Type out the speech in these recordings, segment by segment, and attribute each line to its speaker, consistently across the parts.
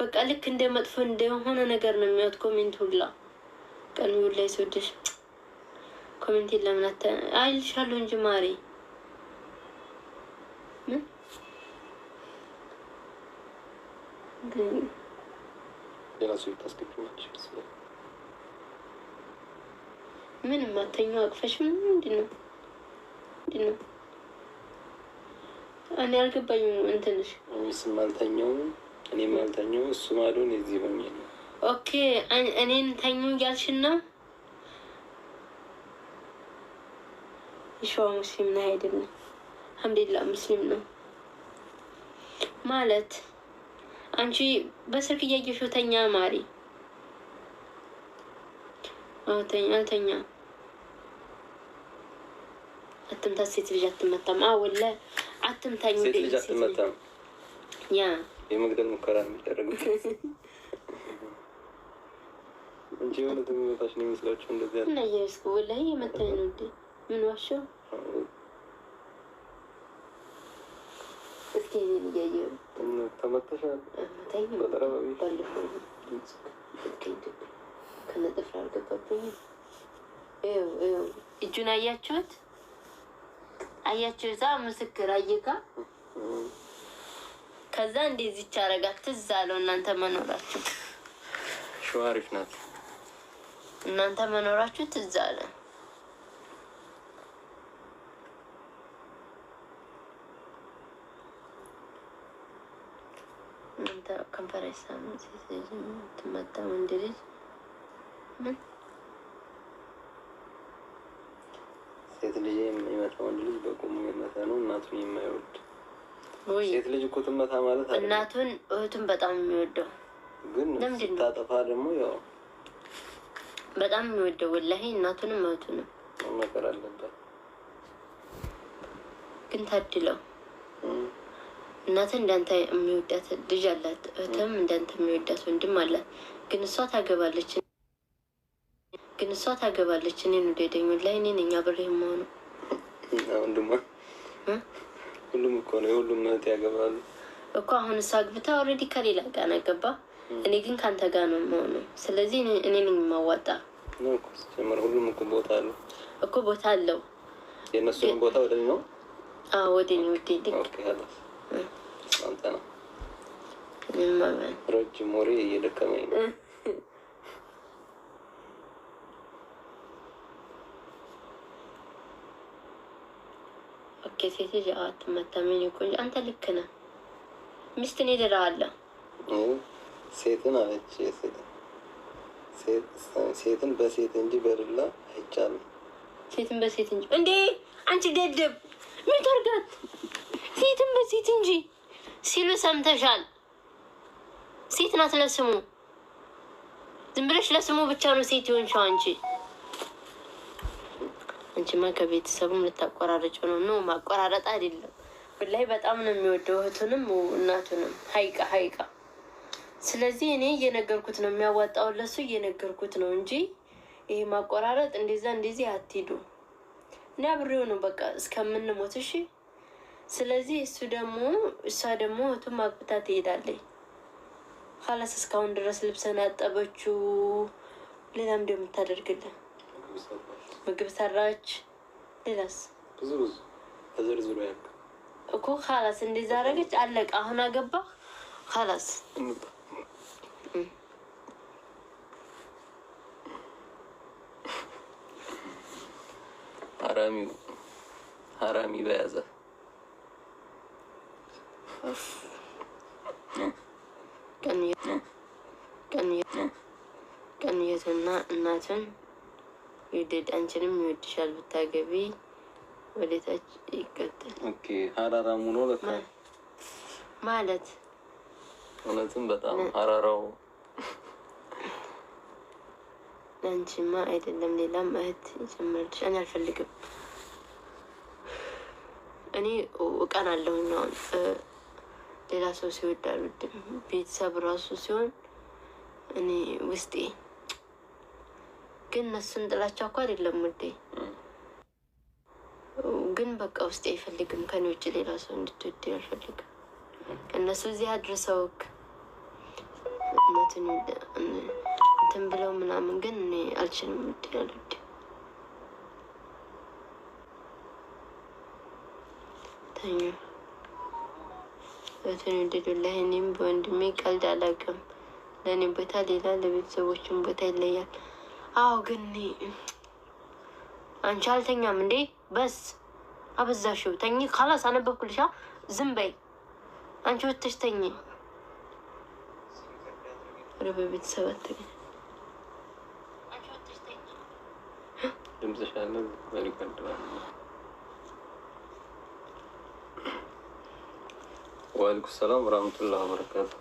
Speaker 1: በቃ ልክ እንደ መጥፎ እንደሆነ ነገር ነው የሚወት ኮሜንት ሁላ ቀን ላይ ስወድሽ ኮሜንት ለምን አይልሻለሁ እንጂ ማሬ ምን ማተኛ አቅፈሽ ምንድን ነው ምንድን ነው? እኔ አልገባኝም እንትንሽ
Speaker 2: ስማልተኛው እኔ ማልተኛው እሱ ማዶን እዚህ ሆኜ ነው።
Speaker 1: ኦኬ እኔን ተኙ እያልሽን ነው። ይሸዋ ሙስሊም ነህ አይደለም? አልሐምዱሊላህ ሙስሊም ነው ማለት አንቺ በስልክ እያየሽው ተኛ ማሪ አልተኛ አትምታ ሴት ልጅ አትመታም። አውለ አትምታኝ
Speaker 2: ሴት ልጅ አትመታም ያ የመግደል ሙከራ ነው የሚደረገው እንጂ የሆነ ትምህርታችን ነው የሚመስላችሁ። እንደዚህ
Speaker 1: ያለ እና እየስኩ ወላሂ የመታኝ ነው እንዴ! ምን ዋሻው? እስኪ እኔን እያየሁ
Speaker 2: ተመተሻል። ባለፈው
Speaker 1: አልገባብኝ። እጁን አያችሁት? አያችሁት? እዛ ምስክር አየካ ከዛ እንደዚህ ቻረጋት ትዝ አለው። እናንተ መኖራችሁ
Speaker 2: ሸዋ አሪፍ ናት።
Speaker 1: እናንተ መኖራችሁ ትዝ አለ። እናንተ ከንፈራሽ ሳምንት ትመጣ ወንድ ልጅ ምን
Speaker 2: ሴት ልጅ የሚመጣ ወንድ ልጅ በቁሙ የመታ ነው እናቱን የማይወድ ሴት ልጅ እኮ ትመታ ማለት አለ።
Speaker 1: እናቱን እህቱን በጣም የሚወደው
Speaker 2: ግን ስታጠፋ ደግሞ ያው
Speaker 1: በጣም የሚወደው ወላሂ እናቱንም እህቱንም
Speaker 2: መመከር አለበት።
Speaker 1: ግን ታድለው እናት እንዳንተ የሚወዳት ልጅ አላት፣ እህትም እንዳንተ የሚወዳት ወንድም አላት። ግን እሷ ታገባለች ግን እሷ ታገባለች። እኔን ወደደኝ ላይ እኔን እኛ ብሬ መሆኑ
Speaker 2: ወንድማ ሁሉም እኮ ነው የሁሉም እህት ያገባሉ
Speaker 1: እኮ አሁን እሷ አግብታ ኦልሬዲ ከሌላ ጋር ነው ያገባ። እኔ ግን ከአንተ ጋ ነው የምሆነው። ስለዚህ እኔ ነኝ የማዋጣ
Speaker 2: ጀመር። ሁሉም እኮ ቦታ አለው
Speaker 1: እኮ ቦታ አለው።
Speaker 2: የእነሱንም ቦታ ወደ ነው ወደ እኔ ውዴ ልክ ነው። ረጅም ወሬ እየደከመኝ ነው።
Speaker 1: ልክ የሴት ልጅ አትመታምን ቆንጆ አንተ ልክ ነህ። ሚስትን ይድራ አለ
Speaker 2: ሴትን አለች ሴትን በሴት እንጂ በርላ አይቻልም።
Speaker 1: ሴትን በሴት እንጂ እንዴ አንቺ ደደብ ምን ታርጋት? ሴትን በሴት እንጂ ሲሉ ሰምተሻል። ሴት ናት ለስሙ ዝም ብለሽ ለስሙ ብቻ ነው ሴት ይሆንሻው አንቺ አንቺማ ከቤተሰቡም ልታቆራረጭ ነው። ነው ማቆራረጥ አይደለም ብላይ በጣም ነው የሚወደው እህቱንም እናቱንም ሀይቃ ሀይቃ። ስለዚህ እኔ እየነገርኩት ነው የሚያዋጣው ለሱ እየነገርኩት ነው እንጂ ይሄ ማቆራረጥ እንደዛ እንደዚህ አትሄዱ። እኔ አብሬው ነው በቃ እስከምንሞት እሺ። ስለዚህ እሱ ደግሞ እሷ ደግሞ እህቱ ማግብታ ትሄዳለች። ካላስ እስካሁን ድረስ ልብሰን ያጠበችው ሌላም እንደምታደርግልን ምግብ ሰራች። ሌላስ
Speaker 2: ብዙ ብዙ ተዘርዝሮ ያ
Speaker 1: እኮ ካላስ እንደዛ አደረገች። አለቀ። አሁን አገባ ካላስ
Speaker 2: ሀራሚው ሀራሚ በያዘ
Speaker 1: ቀንየትና እናትን ይውደድ አንቺንም ይወድሻል። ብታገቢ ወደታች ይቀጥል።
Speaker 2: ሀራራ ሀራራሙ ለካ ማለት እውነትም በጣም ሀራራው
Speaker 1: ለአንቺማ አይደለም ሌላም እህት ይጨምርልሽ። እኔ አልፈልግም። እኔ እቀን አለሁኝ አሁን ሌላ ሰው ሲወድ አልወድም። ቤተሰብ ራሱ ሲሆን እኔ ውስጤ ግን እነሱን ጥላቻ እኮ አይደለም ውዴ፣ ግን በቃ ውስጤ አይፈልግም። ከኔ ውጭ ሌላ ሰው እንድትወድ አልፈልግም። እነሱ እዚህ አድርሰውክ እንትን ብለው ምናምን፣ ግን እኔ አልችልም ውዴ፣ አልወድም። ተኙ በትን ላይ እኔም በወንድሜ ቀልድ አላውቅም። ለእኔ ቦታ ሌላ፣ ለቤተሰቦችን ቦታ ይለያል። አዎ ግን አንቺ አልተኛም እንዴ? በስ አበዛሽው። ተኝ ካላስ አነበብኩልሻ። ዝም በይ አንቺ ወተሽ ተኝ። ወደ በቤተሰብ አትገኝ።
Speaker 2: ወአለይኩም ሰላም ወራህመቱላሂ ወበረካቱ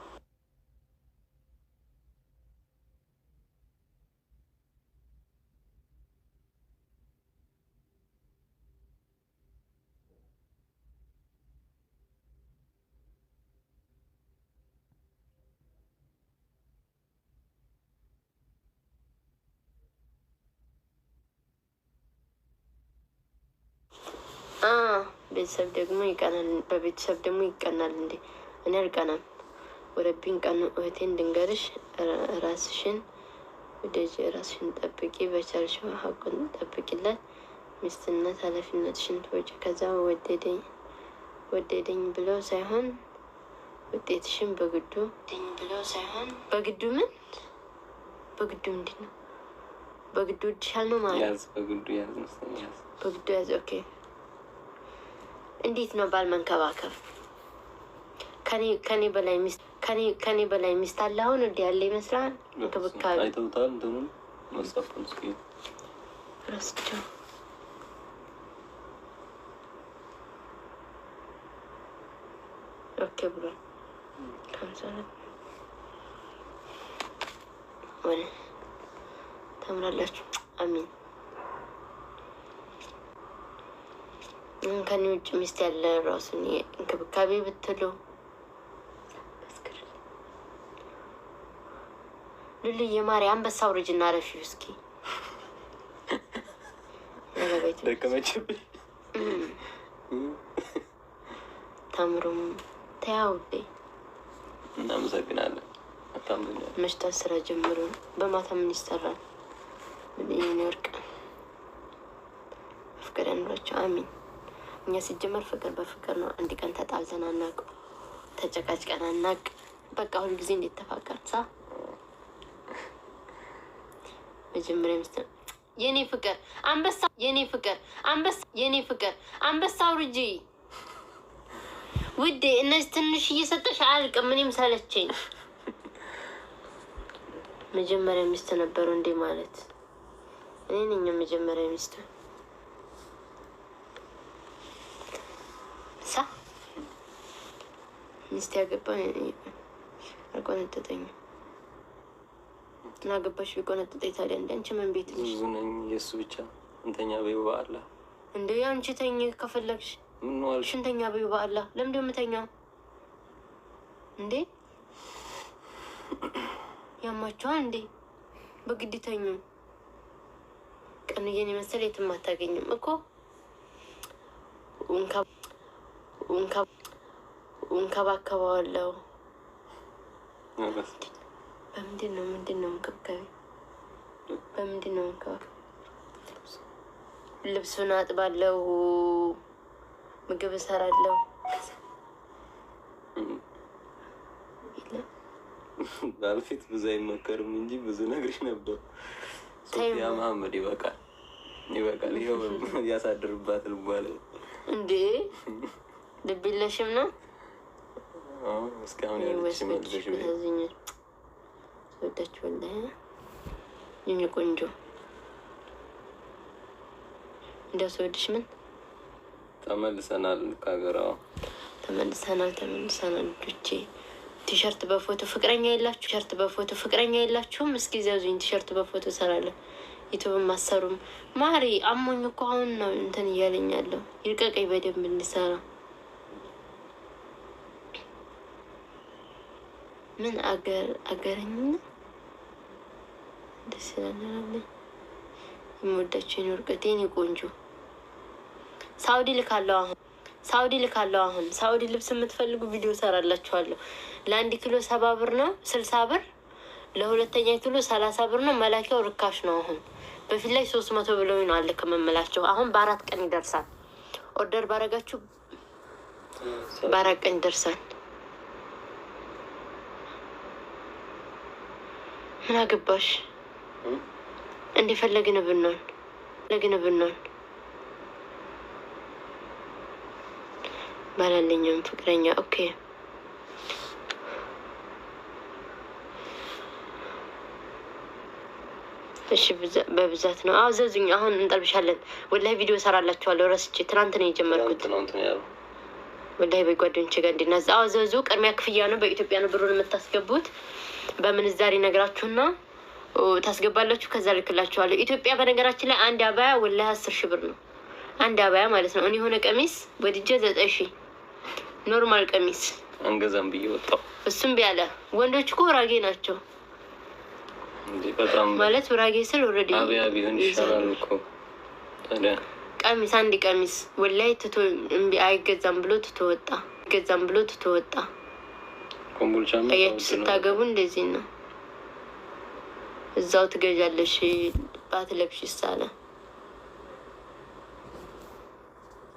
Speaker 1: ቤተሰብ ደግሞ ይቀናል። በቤተሰብ ደግሞ ይቀናል እንዴ? እኔ አልቀናም። ወረቢን ቀኑ እህቴን ድንገርሽ ራስሽን ወደጅ ራስሽን ጠብቂ፣ በቻልሽ ሀቁን ጠብቂላት። ሚስትነት ኃላፊነትሽን ትወጪ። ከዛ ወደደኝ ብሎ ሳይሆን ውጤትሽን በግዱ ደኝ ብሎ ሳይሆን በግዱ ምን በግዱ ምንድን ነው? በግዱ እድሻል ነው
Speaker 2: ማለት በግዱ
Speaker 1: ያዝ። ኦኬ እንዴት ነው ባል መንከባከብ? ከኔ በላይ ሚስት አለ አሁን እንዲ ያለ ይመስላል።
Speaker 2: እንክብካቤ
Speaker 1: ብሏል። ተምራላችሁ። አሚን ከኔ ውጭ ሚስት ያለ ራሱ እንክብካቤ ብትሉ ሉሉ የማሪ አንበሳ እና ረፊ እስኪ ተምሩም ተያውቤ
Speaker 2: እናመሰግናለን።
Speaker 1: መሽታ ስራ ጀምሮ በማታ ምን ይሰራል? ምን ወርቅ ፍቅረ ኑሯቸው አሚን እኛ ስጀመር ፍቅር በፍቅር ነው። አንድ ቀን ተጣልተን አናቅ፣ ተጨቃጭቀን አናቅ። በቃ ሁሉ ጊዜ እንዴት ተፋቀር ሳ መጀመሪያ ምስ የኔ ፍቅር አንበሳ የኔ ፍቅር አንበሳ የኔ ፍቅር አንበሳ ውርጂ ውዴ። እነዚህ ትንሽ እየሰጠሽ አልቅ ምንም ሰለቸኝ። መጀመሪያ ሚስት ነበሩ እንዴ ማለት እኔ ነኝ መጀመሪያ ሚስት። ሚስት ያገባ አልቆነጠጠኝም እና ገባሽ ታዲያ እንደ አንቺ ምን ቤት
Speaker 2: ብዙ ነኝ የእሱ ብቻ እንተኛ በይው በአላ
Speaker 1: እንደ አንቺ ተኝ ከፈለግሽ ሽንተኛ በይው በአላ ለምንድ ምተኛ እንዴ ያማችኋል እንዴ በግድ ተኙ ቀኑዬን የትም አታገኝም እኮ እንከባከበዋለሁ። በምንድን ነው ምንድን ነው እንክብካቤ በምንድን ነው ልብሱን አጥባለሁ፣ ምግብ እሰራለሁ።
Speaker 2: ባልፊት ብዙ አይመከርም እንጂ ብዙ ነግሬ ነበር። ሶፊያ መሀመድ ይበቃል፣ ይበቃል። ይኸው ያሳድርባት ልቧል
Speaker 1: እንዴ ልብ የለሽም ነው
Speaker 2: እስካሁን ያለች መልሽ
Speaker 1: ወዳችኋለሁ የእኔ ቆንጆ እንዲያው ስወድሽ ምን
Speaker 2: ተመልሰናል ከሀገራው
Speaker 1: ተመልሰናል ተመልሰናል ልጆቼ ቲሸርት በፎቶ ፍቅረኛ የላችሁ ቲሸርት በፎቶ ፍቅረኛ የላችሁም እስኪ ዘዙኝ ቲሸርት በፎቶ እሰራለሁ ዩቱብም አሰሩም ማሪ አሞኝ እኮ አሁን ነው እንትን እያለኝ ያለው ይልቀቀኝ በደንብ እንዲሰራ ምን አገር አገረኝ ደስ ይላል። የምወዳቸው የኔ ወርቀቴ የኔ ቆንጆ ሳውዲ ልካለው አሁን ሳውዲ ልካለው አሁን ሳውዲ ልብስ የምትፈልጉ ቪዲዮ ሰራላችኋለሁ። ለአንድ ኪሎ ሰባ ብር ነው ስልሳ ብር ለሁለተኛ ኪሎ ሰላሳ ብር ነው። መላኪያው ርካሽ ነው። አሁን በፊት ላይ ሶስት መቶ ብለው ነው አለ ከመመላቸው አሁን በአራት ቀን ይደርሳል። ኦርደር ባረጋችሁ በአራት ቀን ይደርሳል። ምን አገባሽ? እንደፈለግን ብንሆን ለግን ብንሆን ባላለኝም ፍቅረኛ ኦኬ እሺ በብዛት ነው። አዎ ዘዙኝ። አሁን እንጠልብሻለን። ወላሂ ቪዲዮ ሰራላችኋለሁ። ረስቼ ትናንት ነው የጀመርኩት። ወላሂ በጓደኞቼ ጋር እንዲናዝ። አዎ ዘዙ። ቅድሚያ ክፍያ ነው። በኢትዮጵያ ነው ብሩን የምታስገቡት። በምንዛሬ ነግራችሁና ታስገባላችሁ። ከዛ ልክላችኋለሁ። ኢትዮጵያ በነገራችን ላይ አንድ አባያ ወላሂ አስር ሺ ብር ነው። አንድ አባያ ማለት ነው። እኔ የሆነ ቀሚስ ወድጄ ዘጠኝ ሺ ኖርማል ቀሚስ
Speaker 2: አንገዛም ብዬ ወጣው።
Speaker 1: እሱም ቢያለ ወንዶች እኮ ውራጌ ናቸው ማለት ውራጌ ስል ወረድ ቀሚስ አንድ ቀሚስ ወላይ ትቶ አይገዛም ብሎ ትቶ ወጣ። ይገዛም ብሎ ትቶ ወጣ።
Speaker 2: አያችሁ፣
Speaker 1: ስታገቡ እንደዚህ ነው። እዛው ትገዣለሽ። ባት ለብሽ ይሳለ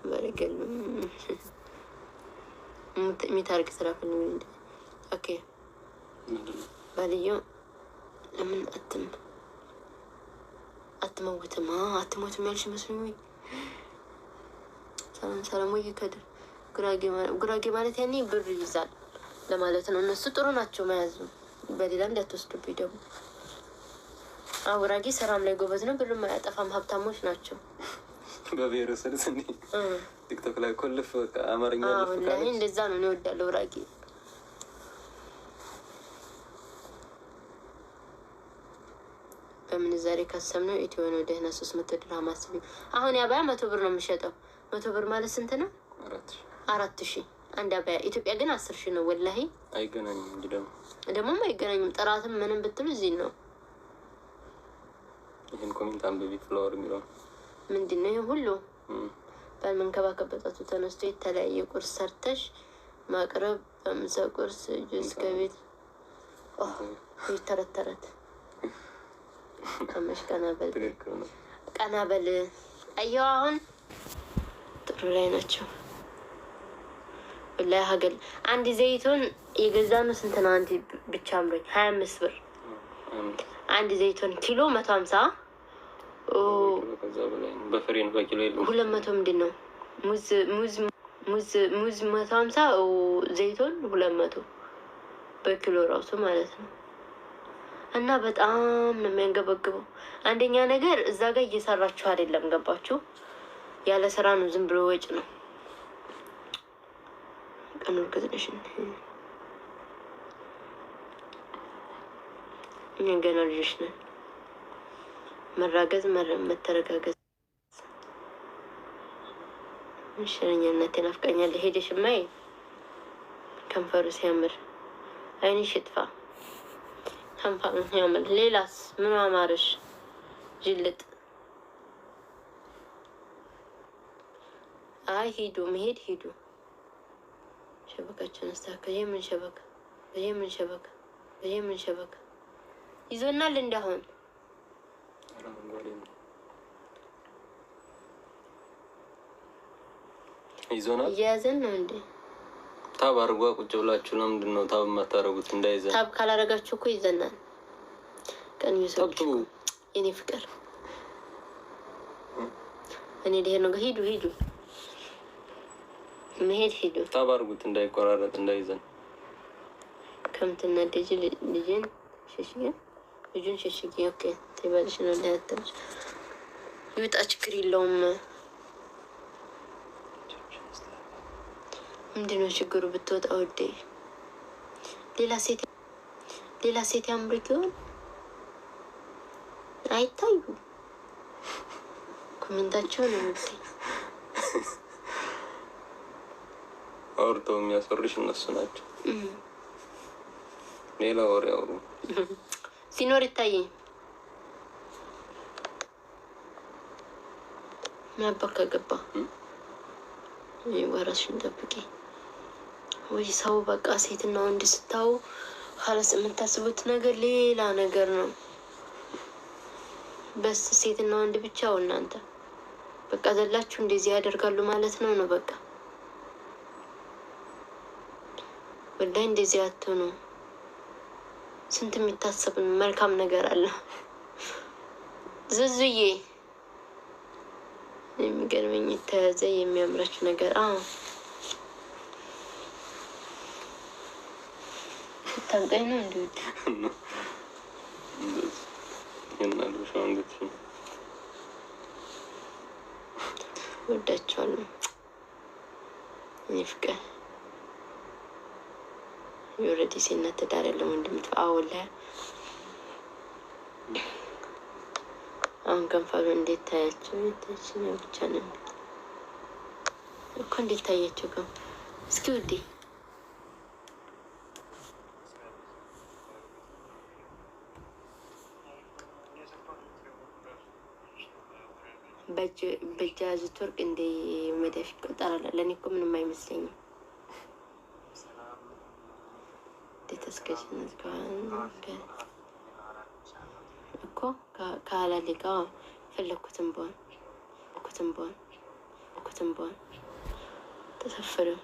Speaker 1: በረገል ሚታርግ ስራ ፈልግ። ኦኬ ባልየው ለምን አትም አትመውትም አትሞትም ያልሽ መስሎኝ ወይ? ሰላም ሰላም፣ ወይ ከድር ጉራጌ ማለት ያኔ ብር ይዛል ለማለት ነው። እነሱ ጥሩ ናቸው መያዙ። በሌላ እንዳትወስዱብኝ ደግሞ። አውራጌ ስራም ላይ ጎበዝ ነው፣ ብርም አያጠፋም። ሀብታሞች ናቸው።
Speaker 2: በብሔረሰብ ስ ቲክቶክ ላይ ኮልፍ አማርኛ
Speaker 1: እንደዛ ነው። እኔ እወዳለሁ አውራጊ በምንዛሬ ካሰብነው ኢትዮ ነው ደህና ሶስት መቶ ድራ አስቢ። አሁን ያባያ መቶ ብር ነው የምሸጠው። መቶ ብር ማለት ስንት ነው? አራት ሺህ አንድ አባያ ኢትዮጵያ ግን አስር ሺ ነው። ወላሂ
Speaker 2: አይገናኝም። እንዲ ደግሞ
Speaker 1: ደግሞም አይገናኝም። ጥራትም ምንም ብትሉ እዚህ ነው።
Speaker 2: ይህን ኮሜንት አንብቢ ፍላወር የሚለው
Speaker 1: ምንድን ነው? ይህ ሁሉ ባልመንከባከብ በጣቱ ተነስቶ የተለያየ ቁርስ ሰርተሽ ማቅረብ፣ በምሳ ቁርስ ጁስ ከቤት ተረተረት ቀመሽ ቀናበል ቀናበል አየው አሁን ጥሩ ላይ ናቸው። ብላይ ሀገል አንድ ዘይቶን የገዛነው ስንት ነው? አንድ ብቻ አምሮኝ ሀያ አምስት ብር አንድ ዘይቶን ኪሎ መቶ ሀምሳ ሁለት መቶ ምንድን ነው ሙዝ ሙዝ ሙዝ ሙዝ መቶ ሀምሳ ዘይቶን ሁለት መቶ በኪሎ ራሱ ማለት ነው። እና በጣም ነው የሚያንገበግበው። አንደኛ ነገር እዛ ጋር እየሰራችሁ አይደለም ገባችሁ? ያለ ስራ ነው፣ ዝም ብሎ ወጭ ነው። አልወገዝነሽም። እኛ ገና ልጆች ነን። መራገዝ መተረጋገዝ ሽረኛነት አፍቀኛለ ሄደሽ ማይ ከንፈሩ ሲያምር አይንሽ ይጥፋ ከንፈሩ ሲያምር። ሌላስ ምን አማረሽ? ጅልጥ አይ ሂዱ መሄድ ሂዱ ሸበካችን አስተካከ የምን ሸበካ የምን ሸበካ የምን ሸበካ ይዞናል እንዳሁን ይዞናል እየያዘን ነው እንዴ?
Speaker 2: ታብ አርጓ ቁጭ ብላችሁ ለምንድን ነው ታብ የማታደርጉት? እንዳይዘን
Speaker 1: ታብ ካላደረጋችሁ እኮ ይዘናል። ቀን የኔ ፍቅር እኔ ልሄድ ነው። ሂዱ ሂዱ መሄድ ሂዱ
Speaker 2: ታባርጉት እንዳይቆራረጥ እንዳይዘን
Speaker 1: ከምትናደጅ ልጅን ሸሽገ ልጁን ሸሽገ ኦኬ ትበልሽ ነው እንዳያተች ይውጣ፣ ችግር የለውም። ምንድነው ችግሩ? ብትወጣ ውዴ፣ ሌላ ሴት ያምርክ ይሆን? አይታዩ ኮሜንታቸውን ውዴ
Speaker 2: አውርተው የሚያሰሩሽ እነሱ ናቸው። ሌላ ወሬ አውሩ
Speaker 1: ሲኖር ይታይ ምናባት ከገባ ወራሽን ጠብቂ ወይ ሰው በቃ ሴትና ወንድ ስታው ካለስ የምታስቡት ነገር ሌላ ነገር ነው። በስ ሴትና ወንድ ብቻው እናንተ በቃ ዘላችሁ እንደዚህ ያደርጋሉ ማለት ነው ነው በቃ ወላሂ እንደዚህ አትሆኑ። ስንት የሚታሰብ መልካም ነገር አለ። ዝዙዬ የሚገርመኝ የተያዘ የሚያምራችሁ ነገር አዎ ታንቀኝ ነው እንዲወድ ወዳቸዋለሁ እኔ ኦልሬዲ ሴነት ትዳር ያለው ወንድም ተአወለ አሁን ከንፈሩ እንዴት ታያቸው? ታች ብቻ ነው እኮ እንዴት ታያቸው? ግን እስኪ ውዴ በጃዝ ወርቅ እንደ መዳፍ ይቆጠራል። ለእኔ እኮ ምንም አይመስለኝም። ተስገጭነት እኮ ከአላሌ ጋር ፈለግኩትን በሆን ኩትን በሆን ኩትን በሆን ተሰፍሪው